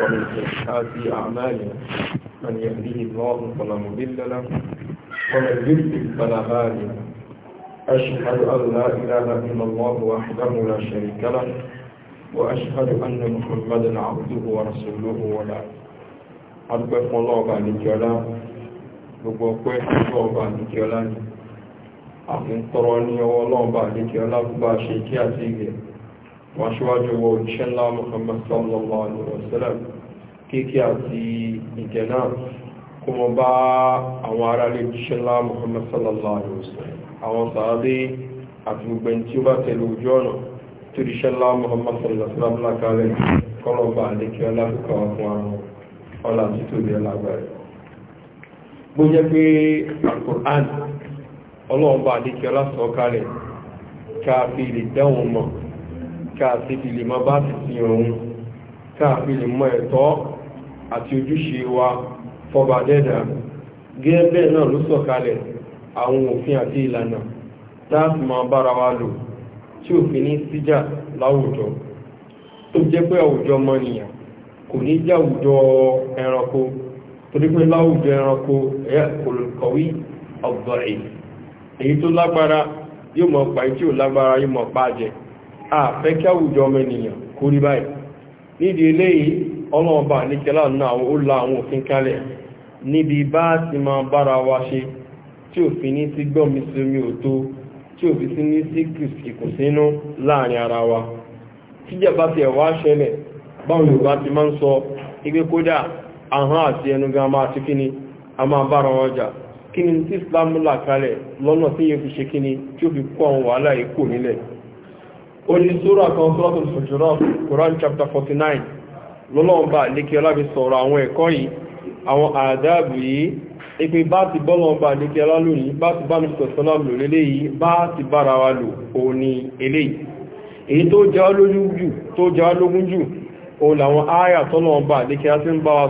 ومن سيئات أعمالنا من يهديه الله فلا مضل له ومن يضلل فلا هادي أشهد أن لا إله إلا الله وحده لا شريك له وأشهد أن محمدا عبده ورسوله ولا adúpẹ́ fún ọlọ́ọ̀bà nìjọlá gbogbo ọpẹ́ ọlọ́ọ̀bà nìjọlá ni a fi ń tọrọ ní ọwọ́ ọlọ́ọ̀bà nìjọlá gbogbo àṣẹ kí àti ìgbẹ̀ẹ́ wáṣíwájú wọ òṣìṣẹ́ ńlá Muhammad sallallahu alaihi wasallam kéèkì àti ìgẹ̀ náà kó mọ bá àwọn ará lè òṣìṣẹ́ ńlá Muhammad sallallahu alaihi wasallam àwọn sàádé àti gbogbo ẹni tí ó bá tẹ̀lé ojú ọ̀nà tó di ṣẹ́lá Muhammad sallallahu alaihi wasallam lákàlẹ̀ kọ́lọ̀bà àdékẹ́ ọláfíkà fún àwọn ọlá títò ní ọlágbàrẹ̀ bó jẹ́ pé Al-Qur'an ọlọ́ọ̀bà àdékẹ́ ọlá sọ̀kalẹ̀ káàkiri dáhùn mọ́ káàfi fi lè máa bá tìtì ọ̀hún káàfi lè mọ ẹ̀tọ́ àti ojúṣe wa fọba dẹ́dà gẹ́gẹ́ bẹ́ẹ̀ náà ló sọ̀kalẹ̀ àwọn òfin àti ìlànà láti máa bára wa lò tí òfin ní síjà láwùjọ tó jẹ́ pé àwùjọ ọmọnìyàn kò ní jẹ́ àwùjọ ẹranko torí pé láwùjọ ẹranko ẹ̀ kòlùkọ̀wé ọ̀gbọ̀n èyí tó lágbára yóò mọ̀ pa èyí tí ò lágbára yóò mọ̀ pa jẹ àfẹ́ kí àwùjọ ọmọ ènìyàn kó rí báyìí nídìí eléyìí ọlọ́ọ̀bà níkẹlá náà ó la àwọn òfin kalẹ̀ níbi bá ti ma bára wa ṣe tí òfin ní sí gbọ́mi sí omi òtó tí fi sí ní sí ìkùnsínú láàrin ara wa tíjàmbá ti ẹ̀wá ṣẹlẹ̀ báwọn Yorùbá ti máa ń sọ kódà ahọ́n àti ẹnu gan máa ti kíni a máa bára wọn jà kíni tí Islam là kalẹ̀ lọ́nà tí yóò fi ṣe kíni tí ó fi kó àwọn wàhálà yìí kò nílẹ̀ orí sura kan suratul Hujurat Quran chapter 49 lọ́lọ́ọ̀bá lékí ọlábi sọ̀rọ̀ àwọn ẹ̀kọ́ yìí àwọn àdáàbù yìí ipe bá ti bọ́lọ́ọ̀bá lékí ọlá lónìí bá ti bá mi sọ̀sọ́lá lò ti bára wa lò òní eléyìí èyí tó jẹ́ olójú jù tó jẹ́ ológun jù òun làwọn ááyà tọ́lọ́ọ̀bá lékí ọlá ti ń bá wa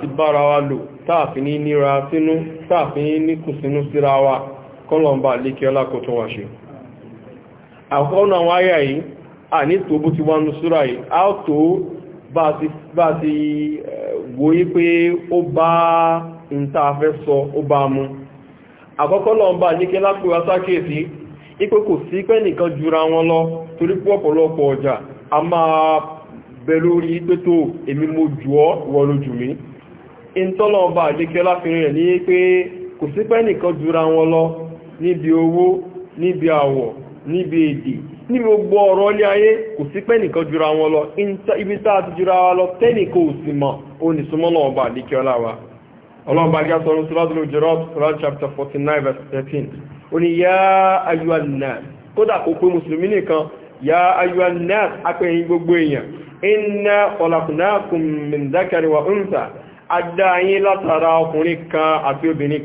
ti bára wa lò táàfin ní níra sínú táàfin ní kùsínú síra wa kọlọmbà lékẹ ọlákọ̀ tó wà ṣe àkọ́nà àwọn ayà yìí a ní tó bó ti wá ta fẹ́ sọ ó bá mú àkọ́kọ́ lọ́mbà lékẹ lápẹ́ wá sákèsí ipé kò sí pẹ́ nìkan jura wọn lọ torí ọjà a pé tó mo jù láfihàn ní pé kò sí pẹ́ nìkan níbi owó níbi àwọ̀ níbi èdè ní gbogbo ọ̀rọ̀ ilé ayé kò sí pé nìkan jura wọn lọ ibi tá a ti jura wa lọ tẹ́nìkan ò sì mọ̀ ó ní súnmọ́ lọ́wọ́ bá àdíkẹ́ ọlá wa ọlọ́run bá gẹ́sọ̀ ọ̀run suratul Hujurat chapter forty nine verse thirteen ó ní yá ayyuhan nas kódà kò pé mùsùlùmí nìkan yá ayyuhan nas apẹ̀yìn gbogbo èèyàn inna khalaqnakum min dhakarin wa untha adáyín látara ọkùnrin kan àti obìnrin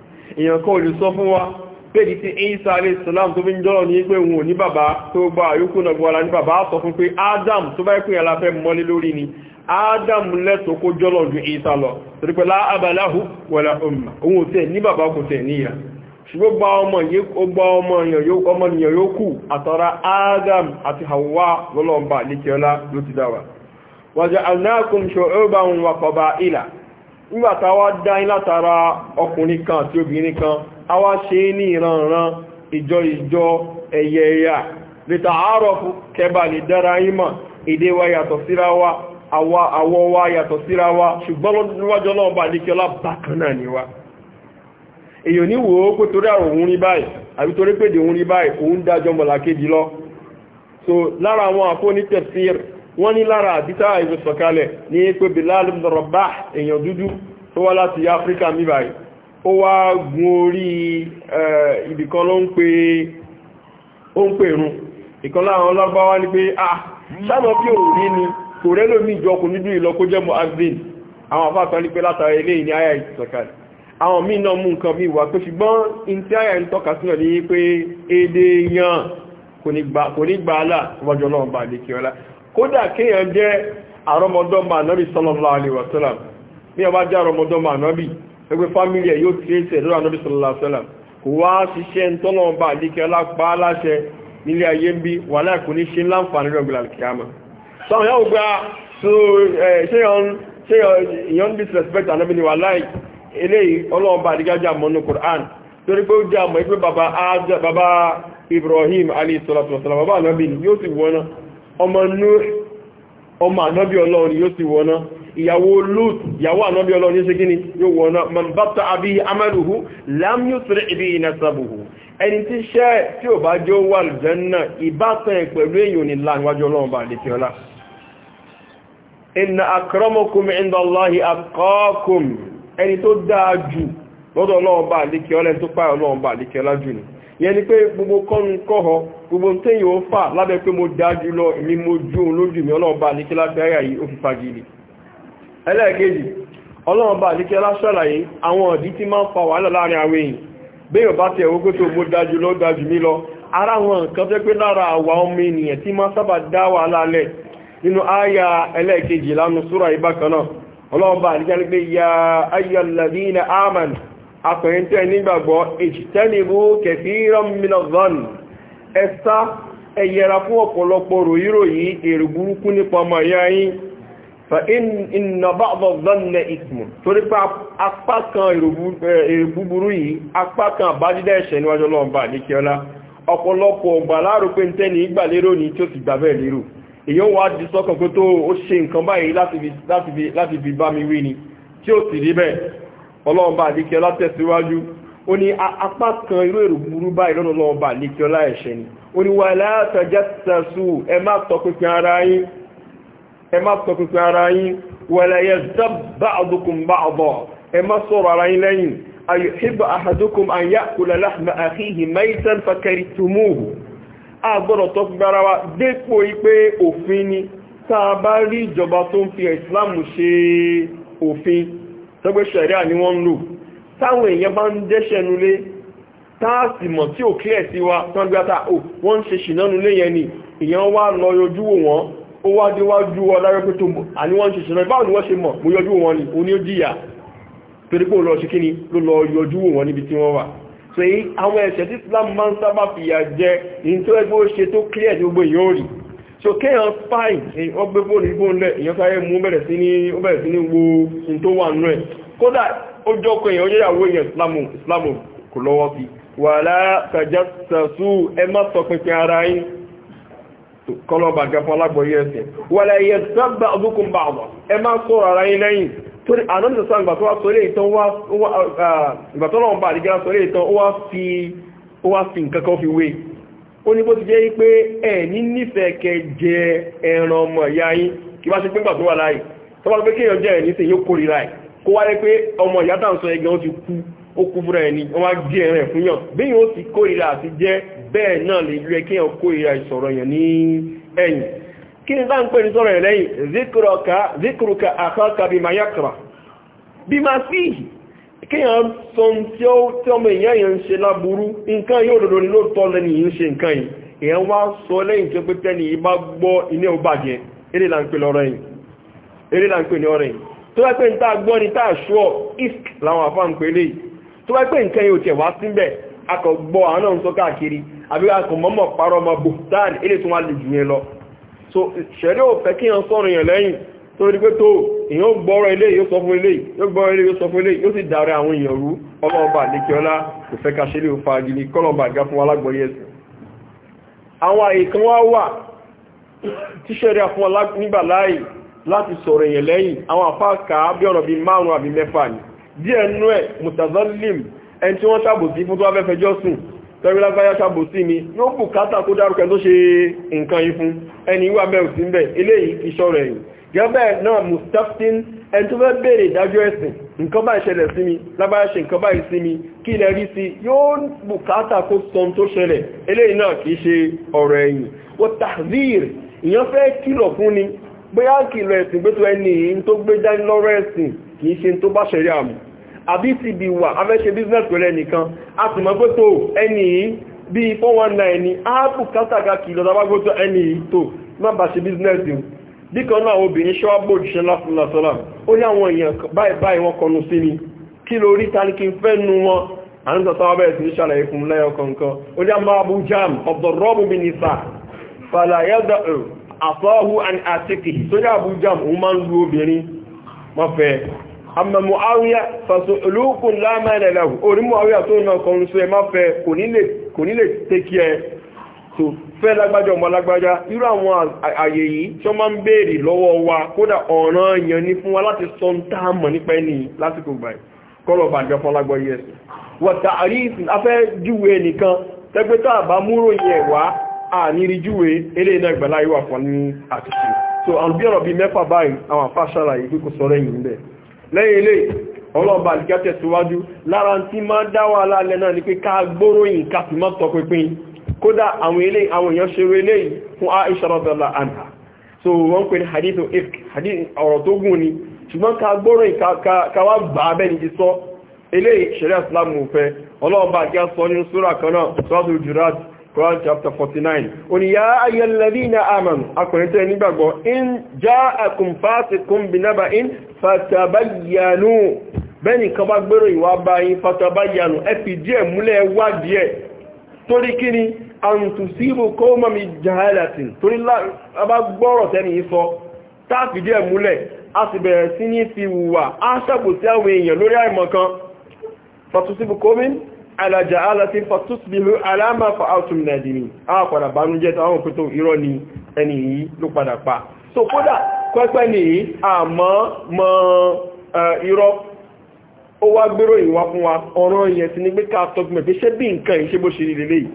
èèyàn kan olè sọ fún wa péèdì tí Ìsá alayhi salam tó fi ń jọ́rọ̀ ní pé òun ò ní bàbá tó gba àyókù náà gbọ́ra ní bàbá sọ fún pé Adam tó bá ìpìyàn la fẹ́ mọ́lé lórí ni Adam lẹ́tọ̀ọ́ kó jọ́rọ̀ ju Ìsá lọ torí pé la aba qaba'ila nígbàtà wá dáyín látara ọkùnrin kan àti obìnrin kan a wá ṣe ní ìranran ìjọ ìjọ ẹ̀yẹ ẹ̀yà lẹ́ta àárọ̀ kẹba lè dára ìmọ̀ èdè wa yàtọ̀ síra wa àwọ̀ wa yàtọ̀ síra wa ṣùgbọ́n lọ́jọ́ náà bá níkẹ́lá bákan náà ni wa èyàn so lára àwọn àkóní wọ́n ní lára àdítà ìgbésọ̀kalẹ̀ ní pé Bilal ibn Rabah èèyàn dúdú tó wá láti Áfíríkà mìíràn ó wá gun orí ibìkan ló ń pè rún ìkan láwọn ọlọ́gbáwá ní pé ah sáàmọ́ kí òun rí ni kò rẹ́ lómi ìjọkùn nínú ìlọ́kójẹ́ muazzin àwọn afáàkan ní pé látara ilé ìní àyà ìsọ̀kalẹ̀ àwọn míì náà mú nǹkan bí wà pé ṣùgbọ́n in tí àyà ń tọ́ka sínà ní pé èdè èèyàn kò ní gbà àlà wájú ọlọ́run lè kí ọlá kódà kéèyàn jẹ́ àrọmọdọ́mọ ànábì sallallahu alaihi wasallam ní ọba jẹ́ àrọmọdọ́mọ ànábì ẹgbẹ́ fámílì ẹ̀ yóò tí èsẹ̀ sallallahu alaihi wasallam kò wá ṣiṣẹ́ tọ́lọ́ọ̀bá àdíkẹ́ lápá aláṣẹ nílé ayé ń bí wà láìkò ní ṣe láǹfààní rọ̀gbìlà kìámà sọ́run yóò gba ṣe yọ́n disrespect ànábì ni wà láì eléyìí ọlọ́ọ̀bá àdígájà Qur'an torí pé ó jẹ́ baba Ibrahim alayhi salatu wasallam baba ànábì ni yóò sì ọmọ Nuh ọmọ ànábí ọlọ́run yóò ti wọ́ná ìyàwó Lut ìyàwó ànábí ọlọ́run yóò ṣe gíní yóò wọ́ná mọ̀bátà àbí amẹ́lùhú lámúsùrẹ̀ ibi ìnàṣàbùhù ẹni tí ṣẹ́ tí ò bá jó wà lùjẹ́nà ìbátan pẹ̀lú èyàn ní láàrín ọlọ́run bá lè fi ọlá ni yẹn ni pé gbogbo kọ́nu kọ́họ gbogbo tẹ́yìn ó fà lábẹ́ pé mo dájú lọ èmi mo jú òun lójú mi ọlọ́ọ̀bá àníkí lágbára yìí ó fi fagilé ẹlẹ́ẹ̀kejì ọlọ́ọ̀bá àwọn ọ̀dí tí máa ń fa wàhálà láàrin àwọn èèyàn béèyàn bá tẹ̀ ogó tó mo dájú lọ dájú mi ara àwọn nǹkan pé lára àwa ọmọ akùnrin tẹ́ nígbàgbọ́ ìjìtẹ́nìbú kẹfìíràn mìíràn ẹ̀sá ẹ̀yẹra fún ọ̀pọ̀lọpọ̀ ròyíròyí èrò burúkú nípa ọmọ ìyá yín fa inna ba'd adh-dhanni ithmun torí pé apá kan èrò búburú yìí apá kan àbájídá ẹ̀ṣẹ̀ níwájú ọlọ́run bá níkẹ́ọ́lá ọ̀pọ̀lọpọ̀ ọgbà láàrò pé ń tẹ́ni ìgbà ni tí ó sì rí bẹ́ẹ̀ ọlọ́run bá àdíkẹ́ ọlá tẹ̀síwájú ó ní apá kan irú èrò burú báyìí lọ́nà ọlọ́run bá àdíkẹ́ ọlá ẹ̀ṣẹ̀ ni ó ní wà látàjá tẹ̀sù ẹ má tọpinpin ara yín ẹ má tọpinpin ara yín wà láyé dábà àdókùn bá ọ̀bọ̀ ẹ má sọ̀rọ̀ ara yín lẹ́yìn ayuhibbu ahadukum bá rí ìjọba tó tọ́gbé ṣẹ̀ríà ni wọ́n ń lò táwọn èèyàn bá ń dẹ́ṣẹ̀ nulé táàsì mọ̀ tí ò kílẹ̀ sí wa tán gbátà ò oh, wọ́n ń ṣe ṣìnà nulé yẹn ni èèyàn wá lọ yọjú wò ó wá déwájú ọ tó ni wọ́n ṣe mọ̀ mo yọjú wọn ni oní ó ni ló lọ yọjú wò wọ́n níbi tí wọ́n wà so àwọn ẹ̀ṣẹ̀ tí Islam máa ń so kéèyàn spy wọ́n gbé fóònù fóònù lẹ̀ èyàn sáré mú bẹ̀rẹ̀ sí ní ó bẹ̀rẹ̀ sí ní wo ohun tó wà nù ẹ̀ kódà islamu kò lọ́wọ́ sí wala tajassasu ẹ má sọ pínpín ara yín kọlọ́ba gafọ́ alágbọ̀yé ẹsẹ̀ wala yaghtab ba'dukum ba'dan ẹ má sọ̀rọ̀ ara yín lẹ́yìn torí ànábìsọ̀ sọ ìgbà tó wá sọlé ìtàn wá ìgbà tó lọ́wọ́ ìtàn ó wá fi nǹkan kan fi ó ní bó ti jẹ́ pé ẹ̀ ní nífẹ̀ẹ́ kẹ jẹ ẹran ọmọ ìyá yín kí bá ṣe pé gbà wà láàyè tó bá pé kéèyàn jẹ́ ẹ̀ ní sèyí ó kórìíra kó wáyé pé ọmọ ìyá tá ni wọ́n wá gé ẹran ẹ̀ fún yàn bí yóò sì kórìíra àti jẹ́ bẹ́ẹ̀ náà lè lú ẹ kéèyàn kórìíra ìsọ̀rọ̀ yàn ní ẹ̀yìn kí ni láń pè ní sọ̀rọ̀ bima yakra bima fihi kíyàn sọ tí ó tí ọmọ èèyàn yẹn ń ṣe láburú nǹkan yóò dòdò ní ló tọ́ lẹ́ni yìí ń ṣe nǹkan yìí èèyàn wá sọ lẹ́yìn tó pé tẹ́ni yìí bá gbọ́ ilé ó bàjẹ́ ní ọ̀rọ̀ tó wá pé nta gbọ́ ni tá àṣọ isk làwọn àfa ń pè lé yìí tó wá pé nǹkan yìí ò tẹ̀ wá síbẹ̀ akọ̀ gbọ́ àwọn náà ń sọ káàkiri so ṣẹ̀rí ò fẹ́ kíyàn torí pé tó èyàn ó gbọ́rọ̀ ilé yóò sọ fún ilé yóò gbọ́rọ̀ ilé yóò sọ fún ilé yóò sì dàrẹ àwọn èèyàn rú ọlọ́ọ̀bà lẹ́kẹ́ọ́lá kò fẹ́ ká ṣe lè fàájì ní kọ́lọ̀bà gá fún alágbọ̀yé ẹ̀sìn àwọn àyè kan wá wà tí ṣẹ́rí fún nígbà láàyè láti sọ̀rọ̀ èèyàn lẹ́yìn àwọn àfáàkà bí ọ̀nà bí márùn-ún àbí mẹ́fà ni díẹ̀ nú ni yóò bùkátà kó dárúkẹ tó ṣe nǹkan yìí ẹni wà bẹ́ẹ̀ sí ń bẹ̀ eléyìí iṣọ́ rẹ̀ yìí gẹ́gẹ́ náà mustaphin ẹni tó fẹ́ bèèrè ìdájọ́ ẹ̀sìn nǹkan bá ìṣẹ̀lẹ̀ sí mi lágbára ṣe nǹkan bá ìsí mi kí ilẹ̀ rí sí yóò bùkátà kó sọ tó ṣẹlẹ̀ eléyìí náà kìí ṣe ọ̀rọ̀ ẹ̀yìn ó tàzír ìyàn fẹ́ kìlọ̀ fún ni bóyá kìlọ̀ ẹ̀sìn gbé tó ẹni yìí tó gbé dání ẹ̀sìn kìí business pẹ̀lú ẹnìkan a sì mọ́ pé tó ẹni yìí bí 419 ni a bùkátà ká kìlọ̀ tàbágbótó ẹni business yìí díkan náà obìnrin ṣọ́bò jíṣẹ́ lásìlọ́sọ́lá ó ní àwọn èèyàn báyìí báyìí wọ́n kọnu sí mi kí ló rí ta ní kí n fẹ́ nu wọn àrínsọ̀tọ́wọ́ bẹ̀rẹ̀ sí ṣàlàyé fún lẹ́yọkọ̀ọ̀kan ó ní àmọ́ abu jam ọ̀dọ̀rọ́bù mi abu jam òun máa ń lu obìnrin wọ́n fẹ́ àmọ́ muawiya fàṣọ olókùn lámẹ́rẹ̀ lẹ́hù orí muawiya tó náà kọrin sí ẹ má fẹ́ kò ní tẹ́kí ẹ fẹ́ lágbájá ọmọ lágbájá irú àwọn àyè yìí tí wọ́n máa ń wa kódà ọ̀ràn yẹn ní fún wa láti sọ ń tá a nípa ẹni lásìkò gbà kọ́lọ̀ bàjọ́ fún lágbọ́ yẹn wọ̀tà àríyìn afẹ́ júwe nìkan tẹgbẹ́ a bá wá àníri júwe eléyìí fún ní so àwọn ọ̀rọ̀ bíi mẹ́fà báyìí àwọn ṣàlàyé pé kò sọ lẹ́yìn lẹ́yìn àdìgá tẹ̀síwájú lára tí máa dá wàhálà ni kódà àwọn ilé àwọn èèyàn ṣe wélé fún Aisha radallahu so wọ́n pè ní hadithu ifk hadith ọ̀rọ̀ tó gùn ni ṣùgbọ́n ká gbọ́rọ̀ ìkàwà gbà abẹ́ni ti sọ ilé ìṣẹ̀rẹ́ islamu fẹ́ ọlọ́ọ̀bá kí a sọ ní súra kanáà suratul Jurat Quran chapter 49 oní yá ayyal ladhina amanu akùnrẹ́tẹ́ nígbàgbọ́ in ja'akum fasiqun binaba'in fatabayyanu bẹ́ni kan bá gbẹ́rọ ìwà báyìí fatabayyanu ẹ fi díẹ̀ múlẹ̀ wá díẹ̀ torí kí ni àǹtùsíbò kó mọ́mí jahalatin torí lábá gbọ́rọ̀ tẹ́ni ìsọ táàfìdí ẹ̀ múlẹ̀ a sì bẹ̀rẹ̀ sí ní fi wùwà á sàbò sí àwọn èèyàn lórí àìmọ̀kan fàtúsíbò kó mí alàjà fàtúsíbò a padà bánújẹ́ táwọn òpótò irọ́ ni ẹni yìí ló padà pa so kódà kwẹ́kwẹ́ nìyí àmọ́ mọ́ irọ́ ó wá gbérò fún wa ọ̀rọ̀ yẹn ti ní pé ká pé ṣe bí nǹkan ìṣe bó ṣe lè léyìí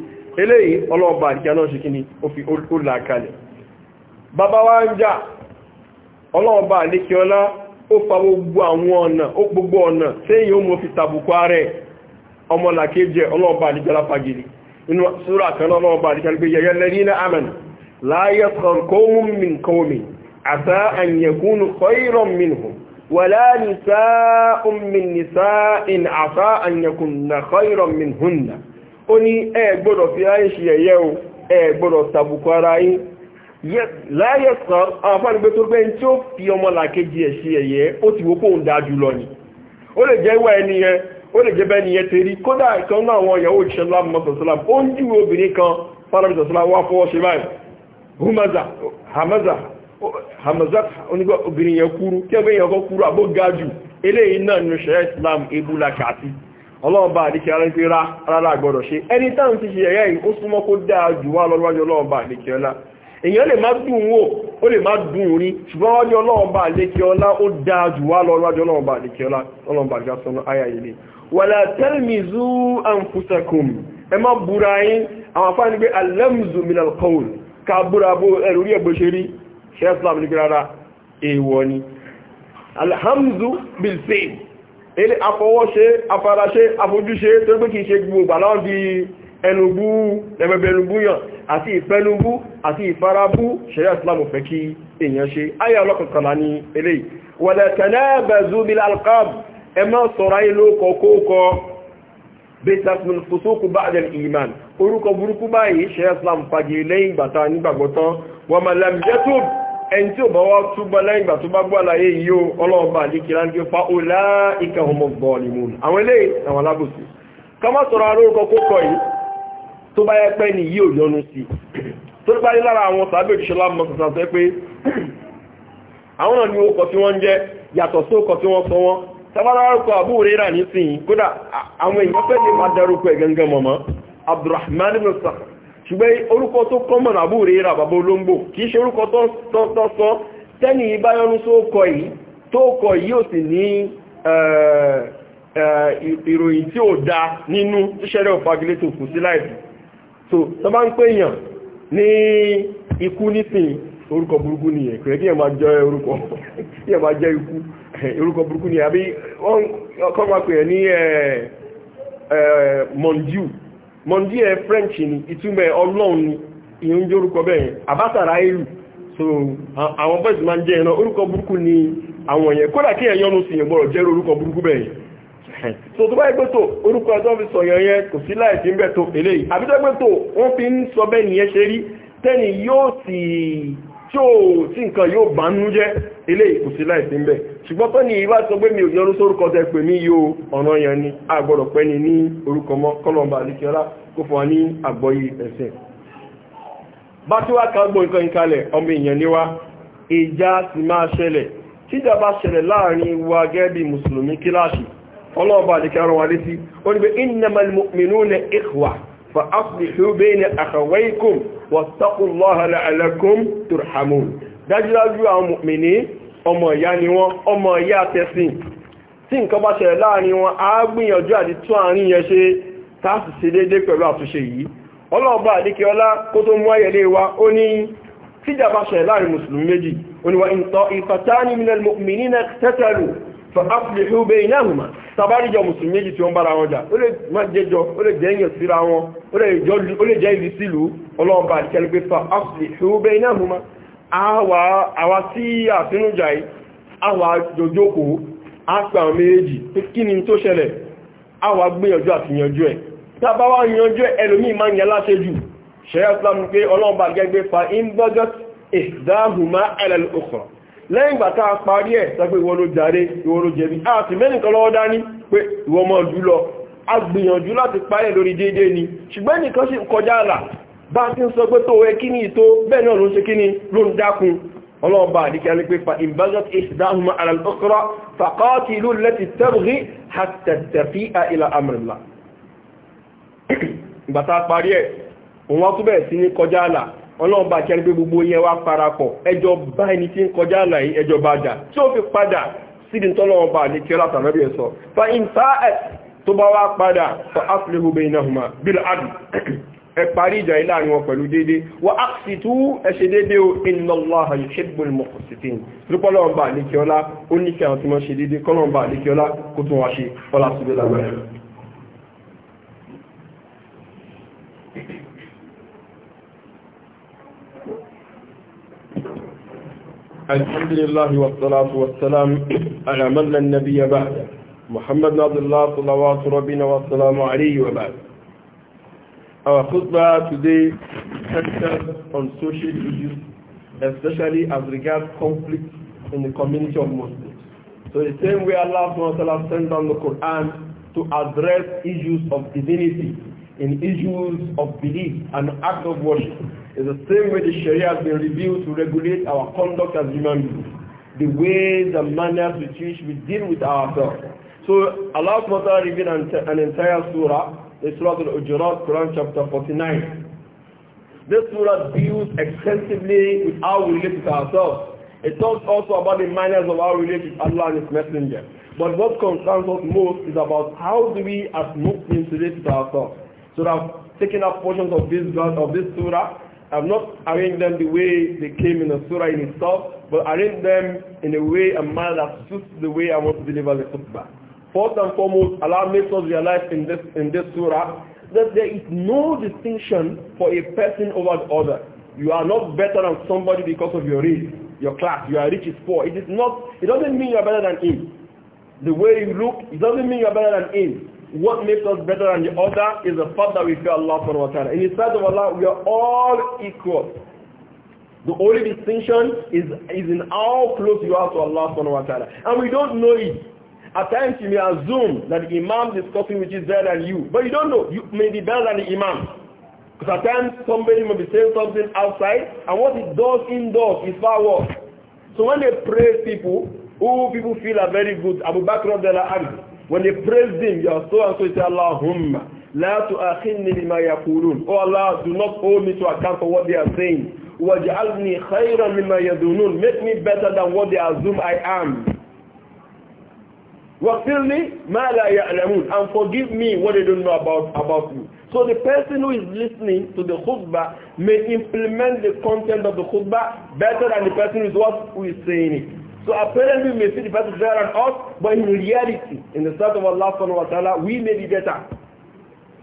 eléyìí ọlọ́ọ̀bà àdìjá náà ṣe kíni ó ó bàbá ń jà ọlọ́ọ̀bà ó gbogbo ọ̀nà ó gbogbo ní ولا نساء من نساء عسى أن يكن خيرا منهن oni ẹ gbọ́dọ̀ fi ayé ṣe ẹ̀yẹ́ o ẹ gbọ́dọ̀ tàbùkù ara yín láyé sọ àwọn afánibé tó gbé tí ó fi ọmọ làkejì ẹ̀ ṣe ẹ̀yẹ́ ó ti wo kó ń dájú lọ ni ó lè jẹ́ ìwà ẹni ó lè jẹ́ bẹ́ẹ̀ ni tẹ́rí kódà ìkan náà hamazat onígbà obìnrin yẹn kúrú kí ẹgbẹ́ yẹn kọ́ kúrú àbó ga jù eléyìí náà islam ebú lakàtí ọlọ́ọ̀bá àdíkẹ́ aláìsíra rárá àgbọ̀dọ̀ ṣe ẹni táwọn ti ṣe ẹ̀yẹ́ yìí ó súnmọ́ kó dáa jù wá lọ́wọ́jọ́ ọlọ́ọ̀bá àdíkẹ́ ọlá èyàn lè má dùn wò ó lè má dùn rí ṣùgbọ́n wájú ọlọ́ọ̀bá ṣẹ́flam ní gbára èèwọ̀ ni alhamdu bilfin ilé afọwọ́ṣe afaraṣe afojúṣe tó gbé kìí ṣe gbogbo àláwọn bí ẹnubú lẹ́gbẹ̀bẹ̀nubú yàn àti ìfẹ́nubú àti ìfarabú ṣẹ̀rẹ́ islam fẹ́ kí èèyàn ṣe ayé ọlọ́kọ̀kọ̀lá ní ilé wọ̀lẹ̀tẹ̀lẹ́ ẹni tí ò bá wá túbọ̀ lẹ́yìn ìgbà tó bá gbọ́ àlàyé yìí ó ọlọ́ọ̀bá àdíkìlá ń gbé fa òlá ìkà ọmọ bọ̀ọ̀lì mú àwọn ilé àwọn alábòsí ká má sọ̀rọ̀ aróòkọ kókọ yìí tó bá yẹ pẹ́ ni yìí ò yọnu sí tó bá ní lára àwọn tàbí ṣùgbẹ́ orúkọ tó kọ́mọ̀nà àbú rẹ̀ ra bàbá olóngbò kìí ṣe orúkọ tọ́sọ́ tẹ́ni ìbáyọrún tó kọ yìí tó kọ yìí ò sì ní ìròyìn tí ó dá nínú tó ṣẹlẹ̀ òfagilé tó kù sí láìsí so tó bá ń pè yàn ní ikú nísìn orúkọ burúkú ni ẹ̀kùnrin kí ẹ máa jẹ́ orúkọ kí ẹ máa jẹ́ ikú orúkọ burúkú ni àbí wọ́n kọ́ máa pè ní mọ̀njú mọ̀ndí ẹ̀ french ni ìtumọ̀ ọlọ́run ni ìyẹn jẹ́ orúkọ bẹ́ẹ̀ àbátàrà ìlú so àwọn boys máa ń jẹ́ ẹ̀nà orúkọ burúkú ni àwọn yẹn kódà kí ẹ̀yọ́ ló sì yẹn gbọ́rọ̀ jẹ́ orúkọ burúkú bẹ́ẹ̀ so tó bá yẹ pé tó orúkọ ẹjọ́ fi sọ yẹn yẹn kò sí láì fi ń bẹ̀ tó eléyìí àbí tó pé wọ́n fi ń sọ bẹ́ẹ̀ nìyẹn ṣe rí tẹ́ni yóò sì tí ò sí nǹkan yóò bá nú jẹ́ ilé ìkùsí láìsí mbẹ̀ ṣùgbọ́n tó ní ìbá sọ pé mi ò yọrú sórúkọ tẹ pè mí yóò ọ̀nà yẹn ni àgbọ̀dọ̀ pẹ́ ni ní orúkọ mọ́ kọlọ̀mbà àdìkíọ́lá kó fún wa ní àgbọ́yé ẹ̀sìn bá tí wá ká gbọ́ nǹkan ìkalẹ̀ ọmọ èèyàn ní wá ìjà sì máa ṣẹlẹ̀ tíjà ṣẹlẹ̀ láàrin wa gẹ́gẹ́ bí mùsùlùmí kíláàsì ọlọ́ọ̀bà àdìkíọ́lá wa dájúdájú àwọn mùmìnì ọmọ ìyá ni wọ́n ọmọ ìyá tẹ̀sìn tí nǹkan bá ṣẹlẹ̀ láàrin wọn a gbìyànjú àti tún àárín yẹn ṣe táàsì sí déédé pẹ̀lú àtúnṣe yìí ọlọ́ọ̀bá àdíkẹ́ ọlá kó tó mú ayẹlé wa ó ní tíjà bá ṣẹlẹ̀ láàrin mùsùlùmí méjì ó ní wa ìtọ̀ ìfàtání minal mu'minina tẹ́tẹ̀lù fa'aflihu baynahuma tabarijọ mùsùlùmí méjì tí wọ́n bára wọn jà ó lè má jẹjọ ó lè jẹ́ èèyàn síra wọn ó lè jẹ́ ìlú àwa tí àfinújà yìí àwa jòjókò àpẹ àwọn méjì pé kí ni tó ṣẹlẹ̀ àwa gbìyànjú àti yanjú ẹ̀ tàbá wá yanjú ẹ̀ ẹlòmí máa yẹn láṣẹ jù ṣẹ̀yà islam pé ọlọ́ọ̀bà gẹ́gbẹ́ fa inbogot ìdáhùnmá ẹlẹ́lẹ́kọ̀ọ́ lẹ́yìn ìgbà tá a parí ẹ̀ sẹ́pẹ́ ìwọ ló jàre ìwọ ló jẹ̀bi àti pé ìwọ ni ṣùgbọ́n nìkan bá ti ń sọ pé tó ẹ kí ní ìtó bẹ́ẹ̀ náà ló ń ṣe kí ní ló ń dákun ọlọ́ọ̀bá àdíkẹ́ ní pé fa'inbazat ìṣìdáhùn al'ukra fàkọ́ọ̀tì ìlú lẹ́ti tẹ́bùrí hàtẹ̀tẹ̀fí à ilà amìrìlá ìgbàta parí ẹ̀ wọ́n tún bẹ̀rẹ̀ sí ní kọjá àlà ọlọ́ọ̀bá àkẹ́ ní pé gbogbo yẹn wá parapọ̀ ẹjọ́ bá ẹni ẹ parí ìjà yìí láàrin wọn pẹ̀lú déédéé wa aqsitu ẹ ṣe déédéé o inna Allaha yuhibbul muqsitin lúpọ̀lọ́ ọba àlékiọlá ó nífẹ̀ẹ́ àwọn tí wọ́n ṣe déédéé kọ́lọ́ ọba àlékiọlá kó tún wá ṣe ọlá síbi lágbàá الحمد لله والصلاة والسلام على من لا نبي بعده محمد عبد الله صلوات ربنا والسلام عليه وبعد Our khutbah today centers on social issues, especially as regards conflict in the community of Muslims. So the same way Allah SWT sent down the Quran to address issues of divinity in issues of belief and act of worship is the same way the Sharia has been revealed to regulate our conduct as human beings, the ways and manners with which we deal with ourselves. So Allah SWT revealed an entire surah in Surah Al-Hujurat, Quran chapter 49. This surah deals extensively with how we relate to ourselves. It talks also about the manners of how we relate with Allah and His Messenger. But what concerns us most is about how do we as Muslims relate to ourselves. So I've taken up portions of this verse of this surah. I've not arranged them the way they came in the surah in itself, but arranged them in a way and manner that suits the way I want to deliver the khutbah. First and foremost, Allah makes us realize in this, in this surah that there is no distinction for a person over the other. You are not better than somebody because of your race, your class, your rich is poor. It is not, it doesn't mean you are better than him. The way you look, it doesn't mean you are better than him. What makes us better than the other is the fact that we fear Allah subhanahu wa ta'ala. In the sight of Allah, we are all equal. The only distinction is, is in how close you are to Allah subhanahu wa ta'ala. And we don't know it. At times you may assume that the imam discussing which is better than you, but you don't know. You may be better than the imam. Because at times somebody may be saying something outside, and what it does indoors is far worse. So when they praise people, who people feel are very good, Abu Bakr Abdullah when they praise them, you are so and so, you say, Allahumma, la tu'akhidni lima yaqulun. Oh Allah, do not hold me to account for what they are saying. Waj'alni khayran mimma yadunun. Make me better than what they assume I am. Waqfirni ma la ya'lamun and forgive me what they don't know about about you. So the person who is listening to the khutbah may implement the content of the khutbah better than the person who is what who is saying it. So apparently we may see the person better than us, but in reality, in the sight of Allah subhanahu wa ta'ala, we may be better.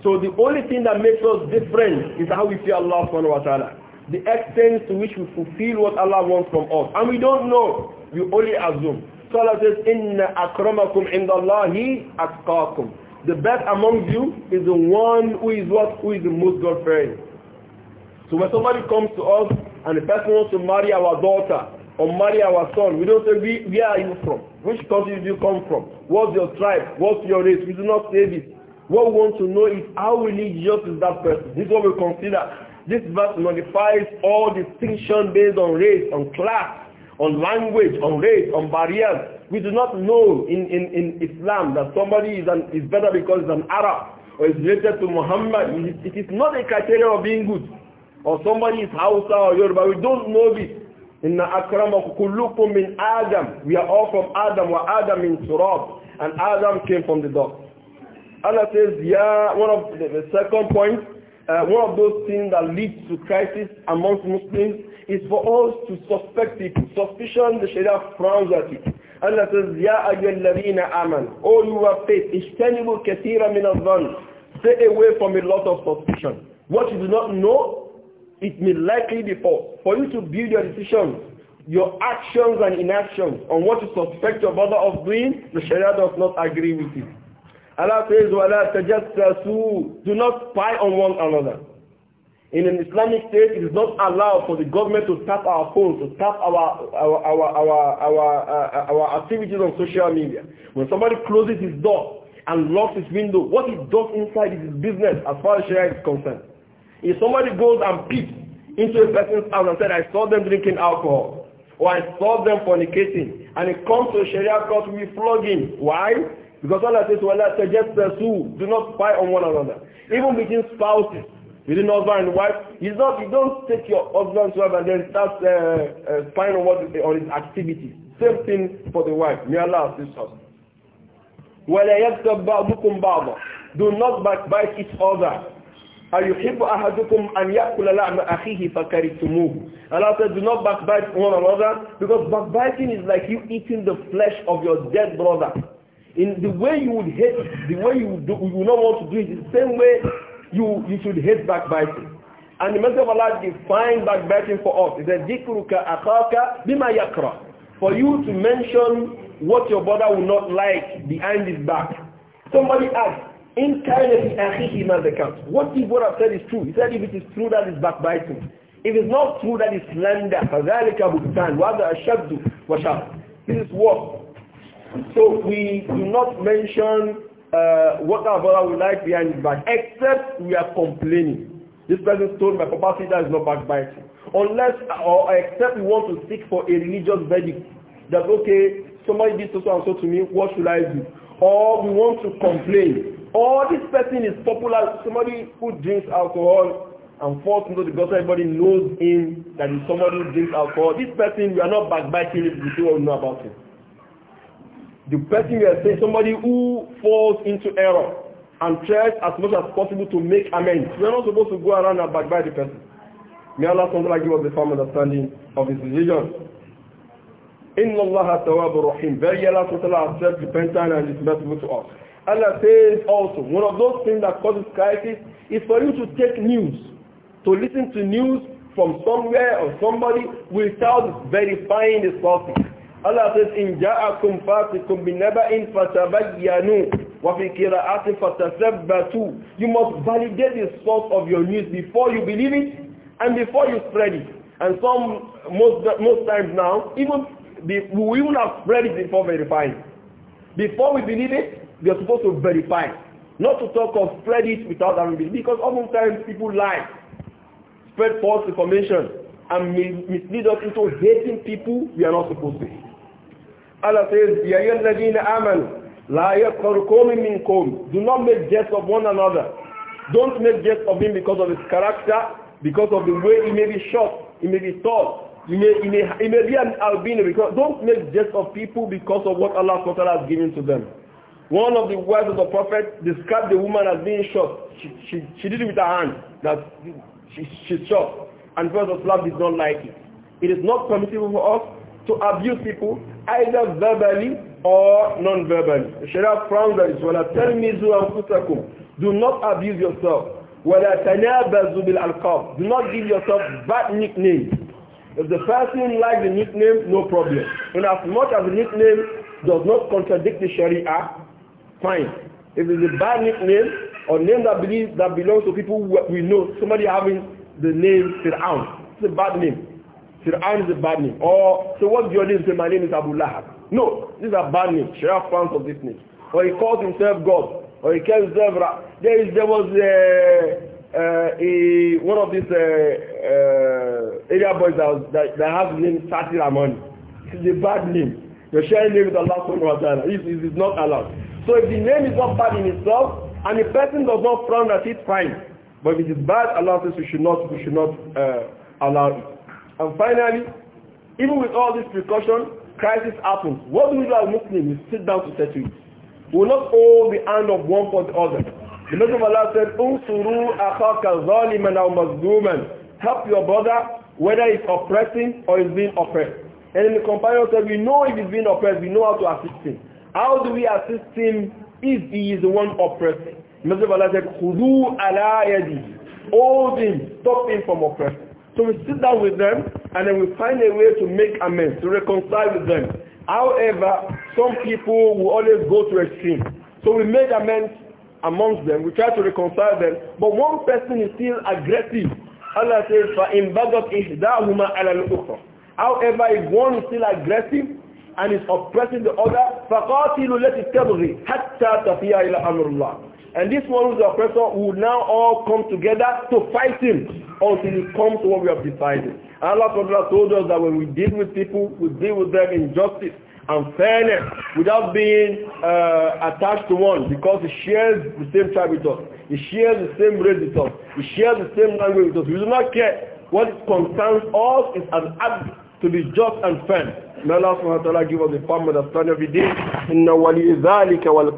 So the only thing that makes us different is how we see Allah subhanahu wa ta'ala. The extent to which we fulfill what Allah wants from us. And we don't know. We only assume scholar says, Inna akramakum indallahi atqakum. The best among you is the one who is what? Who is the most God-fearing. So when somebody comes to us and the person wants to marry our daughter or marry our son, we don't say, where are you from? Which country do you come from? What's your tribe? What's your race? We do not say this. What we want to know is how religious is that person. This is what we consider. This verse nullifies all distinction based on race, on class, on language, on race, on barriers. We do not know in, in, in Islam that somebody is, an, is better because he's an Arab or is related to Muhammad. It is, not a criteria of being good. Or somebody is Hausa or Yoruba. We don't know this. in Inna akramakum kullukum min Adam. We are all from Adam. Wa Adam min Surab. And Adam came from the dust. Allah says, yeah, one of the, the second point, uh, one of those things that leads to crisis amongst Muslims is for us to suspect it. Suspicion, the Sharia frowns at it. Allah says, Ya ayyalladhina aman. Oh, you have faith. Ishtanibu kathira min al-dhan. Stay away from a lot of suspicion. What you do not know, it may likely be false. For you to build your decisions your actions and inactions on what you suspect your brother of doing, the Sharia does not agree with it. Allah says, وَلَا تَجَسَّسُوا Do not spy on one another. In an Islamic state, it is not allowed for the government to tap our phones, to tap our our our our our, uh, our activities on social media. When somebody closes his door and locks his window, what he does inside is his business as far as Sharia is concerned. If somebody goes and peeps into a person's house and said, I saw them drinking alcohol, or I saw them fornicating, and it comes to Sharia court, we flog him. Why? Because Allah says, well, Allah suggests, do not spy on one another. Even between spouses, within husband and wife is not you don't take your husband's wife and then start uh, uh, spying on what on his activities same thing for the wife may Allah assist us ولا يكتب بعضكم بعضا do not backbite each other أيحب أحدكم أن يأكل لحم أخيه فكرهتموه Allah said do not backbite one another because backbiting is like you eating the flesh of your dead brother in the way you would hate the way you, do, you would not want to do it the same way you, you should hate backbiting. And the message of Allah defined backbiting for us. He said, Dikruka akaka bima yakra. For you to mention what your brother will not like behind his back. Somebody asked, in kindness, ahihi mazakam. What the brother said is true. He said, if it is true, that is backbiting. If it's not true, that is slander. فَذَلِكَ بُكْتَانِ وَهَذَا أَشَدُّ وَشَرُّ This is what. So we do not mention uh, what our brother will like behind his back, except we are complaining. This person stole my property, that is not backbiting. Unless or except we want to seek for a religious verdict that, okay, somebody did so and so to me, what should I do? Or we want to complain. Or this person is popular, somebody who drinks alcohol and falls into the gutter, everybody knows him that is somebody who drinks alcohol. This person, we are not backbiting if we don't know about him. The person you are saying, somebody who falls into error and tries as much as possible to make amends. We are not supposed to go around and backbite the person. May Allah SWT give us the firm understanding of his decision. Inna Allah tawab rahim. Very Allah SWT accepts repentance and is merciful to us. Allah says also, one of those things that causes crisis is for you to take news, to listen to news from somewhere or somebody without verifying the sources. Allah says, In ja'akum fasikum bin naba'in fatabayyanu wa fi qira'atin fatathabbatu. You must validate the source of your news before you believe it and before you spread it. And some, most, most times now, even the, we even have spread it before verifying. Before we believe it, we are supposed to verify. Not to talk of spread it without having believed. Because oftentimes people lie, spread false information, and mislead us into hating people we are not supposed to. Allah says, Ya ayyuhalladhina amanu, la yakfar qawmin min qawm. Do not make jest of one another. Don't make jest of him because of his character, because of the way he may be short, he may be tall, he may, he may, he may be an albino. Because, don't make jest of people because of what Allah SWT has given to them. One of the words of the Prophet described the woman as being short. She, she, she did it with her hand, that she, she short. And Prophet of Islam did not like it. It is not permissible for us to abuse people, either verbally or non-verbally. Sharia frowns on this. وَلَا تَلْمِزُوا أَنفُسَكُمْ Do not abuse yourself. Wala وَلَا تَنَابَزُوا بِالْأَلْقَابِ Do not give yourself bad nicknames. If the person like the nickname, no problem. And as much as the nickname does not contradict the Sharia, fine. If it's a bad nickname or name that believes that belongs to people we know, somebody having the name Fir'aun, it's a bad name. Fir'aun is a bad name. Or, so what's your name? Say, my name is Abu Lahab. No, these are bad names. Share fans of this name. Or he calls himself God. Or he calls himself Ra. There, is, there was a, uh, uh, a, one of these uh, uh, area boys that, that, that has the name Sati Ramani. It's a bad name. You're sharing name with Allah subhanahu wa ta'ala. It, it is not allowed. So if the name is not bad in itself, and the person does not frown at it, fine. But if it is bad, Allah says we should not, we should not uh, allow it. And finally, even with all this precaution, crisis happens. What do we do as Muslims? We sit down to settle it. We will not hold the hand of one for the other. The Messenger of Allah said, Unsuru akhaka zaliman aw mazluman. Help your brother, whether he's oppressing or he's being oppressed. And in the companion said, we know if he's being oppressed, we know how to assist him. How do we assist him if he is the one oppressing? The Messenger of Allah said, Khudu ala yadi. Hold him, stop him from oppressing. So we sit down with them and then we find a way to make amends, to reconcile with them. However, some people will always go to extreme. So we made amends amongst them. We try to reconcile them. But one person is still aggressive. Allah says, فَإِنْ بَغَتْ إِحْدَاهُمَا عَلَى الْأُخْرَى However, if one is still aggressive and is oppressing the other, فَقَاتِلُوا لَتِ التَّبْغِي حَتَّى تَفِيَا إِلَى أَمْرُ اللَّهِ And this one is the oppressor will now all come together to fight him until it comes to what we have decided. Allah Ta'ala told us that when we deal with people, we deal with them in justice and fairness without being uh, attached to one because he shares the same tribe with us. He shares the same race with us. He shares the same language with us. We do not care. What concerns us is an act to be just and fair. May Allah subhanahu wa ta'ala give us a firm understanding of the day. Inna wali